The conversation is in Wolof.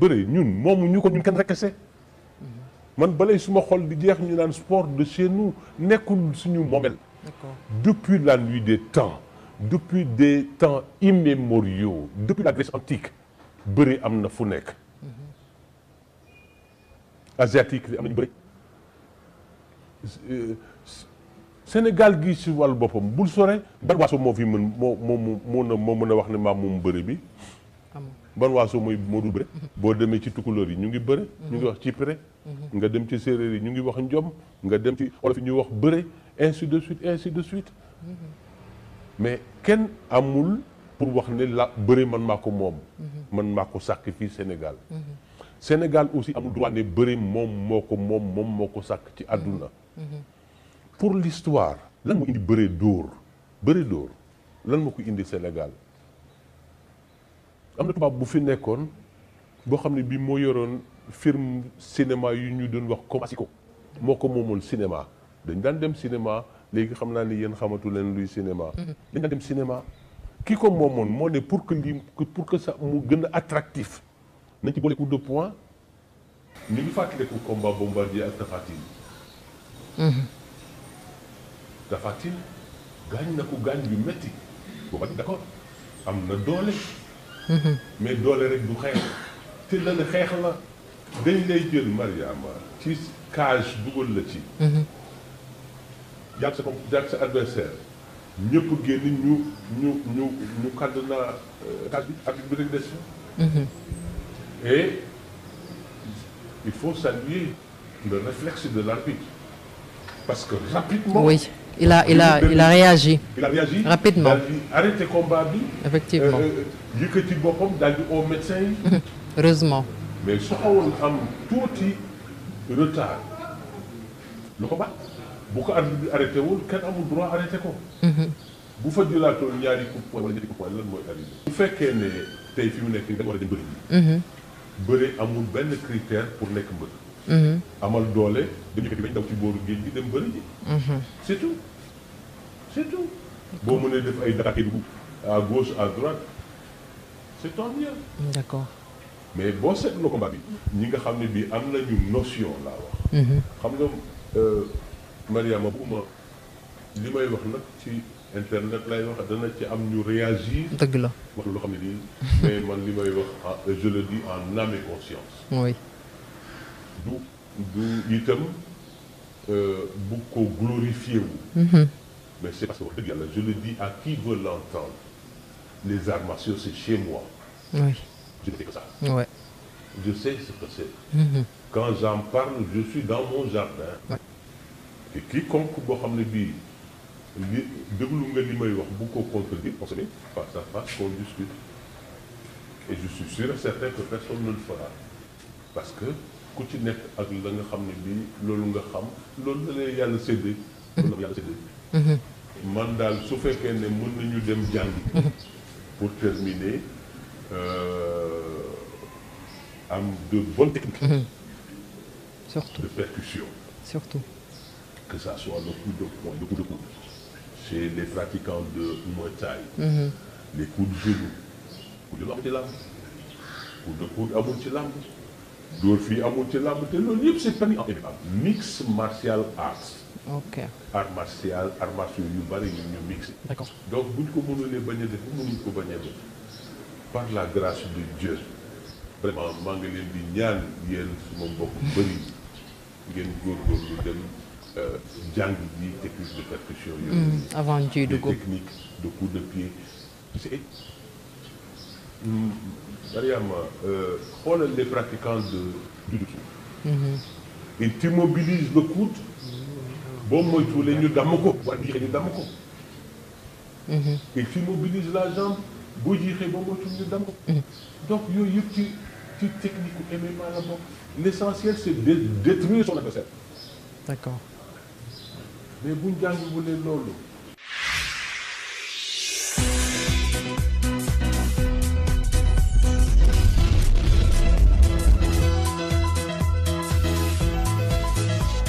bëre ñun moomu ñu ko ñun kenn rekese man balay suma xol di jeex ñu naan sport de chez nous nekkul suñu moomel depuis la nuit des temps depuis des temps immémoriaux depuis la Grèce antique bëre am na fu nekk mhm. asiatique am nañu bëri euh, Sénégal gi si wàllu boppam bul sore Balwaso moo fi mën moo moo moo mën a wax ne maa moom bëri bi ban waaso mooy moo dul bëre boo demee ci tukulóor yi ñu ngi bëre ñu ngi wax ci pré nga dem ci séeréer yi ñu ngi wax njom nga dem ci olof yi ñuy wax bëre ainsi de suite ainsi de suite mais kenn amul pour wax ne la bëre man maa ko moom man maa ko sàkk fii Sénégal Sénégal aussi amul droit ne bëre moom moo ko moom moom moo ko sàkk ci àdduna pour l'histoire lan moo indi bëre dóor bëre dóor lan moo ko indi Sénégal am na tubaab bu fi nekkoon boo xam ne bii moo yoroon film cinéma yu ñu doon wax Comasiko moo ko moomoon cinéma dañ daan dem cinéma léegi xam naa ni yéen xamatu leen luy cinéma. Mhm. dañ daan dem cinéma kii ko moomoon moo ne pour que lii pour que sax mu gën a attractif nañ ci boole coup de poing. ñu ngi fàttaliku combat bombardier ak Tapha Tine. Mhm. Tapha gaañ na ko gaañ bi metti booba d'accord am na doole. mais doole rek du xeex te la ne xeex la dañ lay jël Mariama ci cage dugal la ci jàpp sa jàpp sa adversaire ñëpp génn ñu ñu ñu ñu kàdd naa euh, cage bi ak bi rek des et il faut saluer le réflexe de l'arbitre parce que rapidement. oui il a il a il a réagi. il a réagi rapidement daal di arrêté combat bi. effectivement yëkkati euh, euh, boppam daal di au médecin yi. heureusement. mais su xawoon am tuuti retard lu ko baax bu ko arrêté wul kenn amul droit arrêté ko. Mhm. bu fa jëlaatoon ñaari coups wala ñetti coups lan mooy arrivé. bu fekkee ne tey fi mu nekk nii da nga war a dem bëri. Mhm. bëri amul benn critère pour nekk mbër. Mm-hmm. amal doole dañu fekk dañ daw ci booru géej gi dem bëri ji. Mm-hmm. c'est tout c'est tout. boo mënee def ay Dakar Kédougou à gauche à c'est tant mieux. d'accord. mais boo seetloo combat bi ñi nga xam ne bii am nañu notion laa wax. Mm-hmm. xam nga euh, Mariama bu ma li may wax nag ci internet lay wax dana ci am ñu réagir. dëgg la wax loo xam ne nii mais man li may wax ah, je le dis en âme conscience. oui. du du itam euh, bu ko glorifié wu. Mhm. mais c'est parce que wax dëgg yàlla je le dis à qui veut l'entendre les arts c'est chez moi. je sais ce que c'est. Mhm. quand j'en parle je suis dans mon jardin. Ouais. quiconque boo xam ne bii li déglu li may bu ko contredire parce que face à face qu'on discute et je suis sûr et certain que personne ne le fera parce que. ku ci nekk ak la nga xam ne bii loolu nga xam loolu la lay yàlla séddee. Mhm. loolu la yàlla séddee. Mhm. man daal su fekkee ne mën nañu dem jàngi. Mhm. pour terminer euh, am de bonnes techniques. surtout de percussion. surtout. que ça soit le coup de poing le coup de coude chez les pratiquants de Muay Thai. les coups de genou. coup de loxo ci làmb. coup de coude amul ci làmb. dóor fii amul ci làmb te loolu yëpp c'est permis en MMA mix martial arts ok art martial art martial yu bëri ñu ñu mixé donc buñ ko mënulee bañ a def mënuñ ko bañ a def par la grâce de Dieu vraiment maa ngi leen di ñaan yéen suma mbokk bëri ngeen góorgóorlu dem euh, jàng ji technique de percussion yooyu mm, avant ji dugg technique de coup de pied Mariama euh, xoolal les pratiquants de du mhm. il t'immobilise le coude boo moytuwulee ñu damm ko bu jiixee ñu damm ko. Mhm. il t'immobilise la jambe boo jiixee boo moytuwulee ñu damm mhm. donc yooyu yëpp ci ci technique gu MMA la bokk l' essentiel c' est de détruire son adversaire. d' loolu.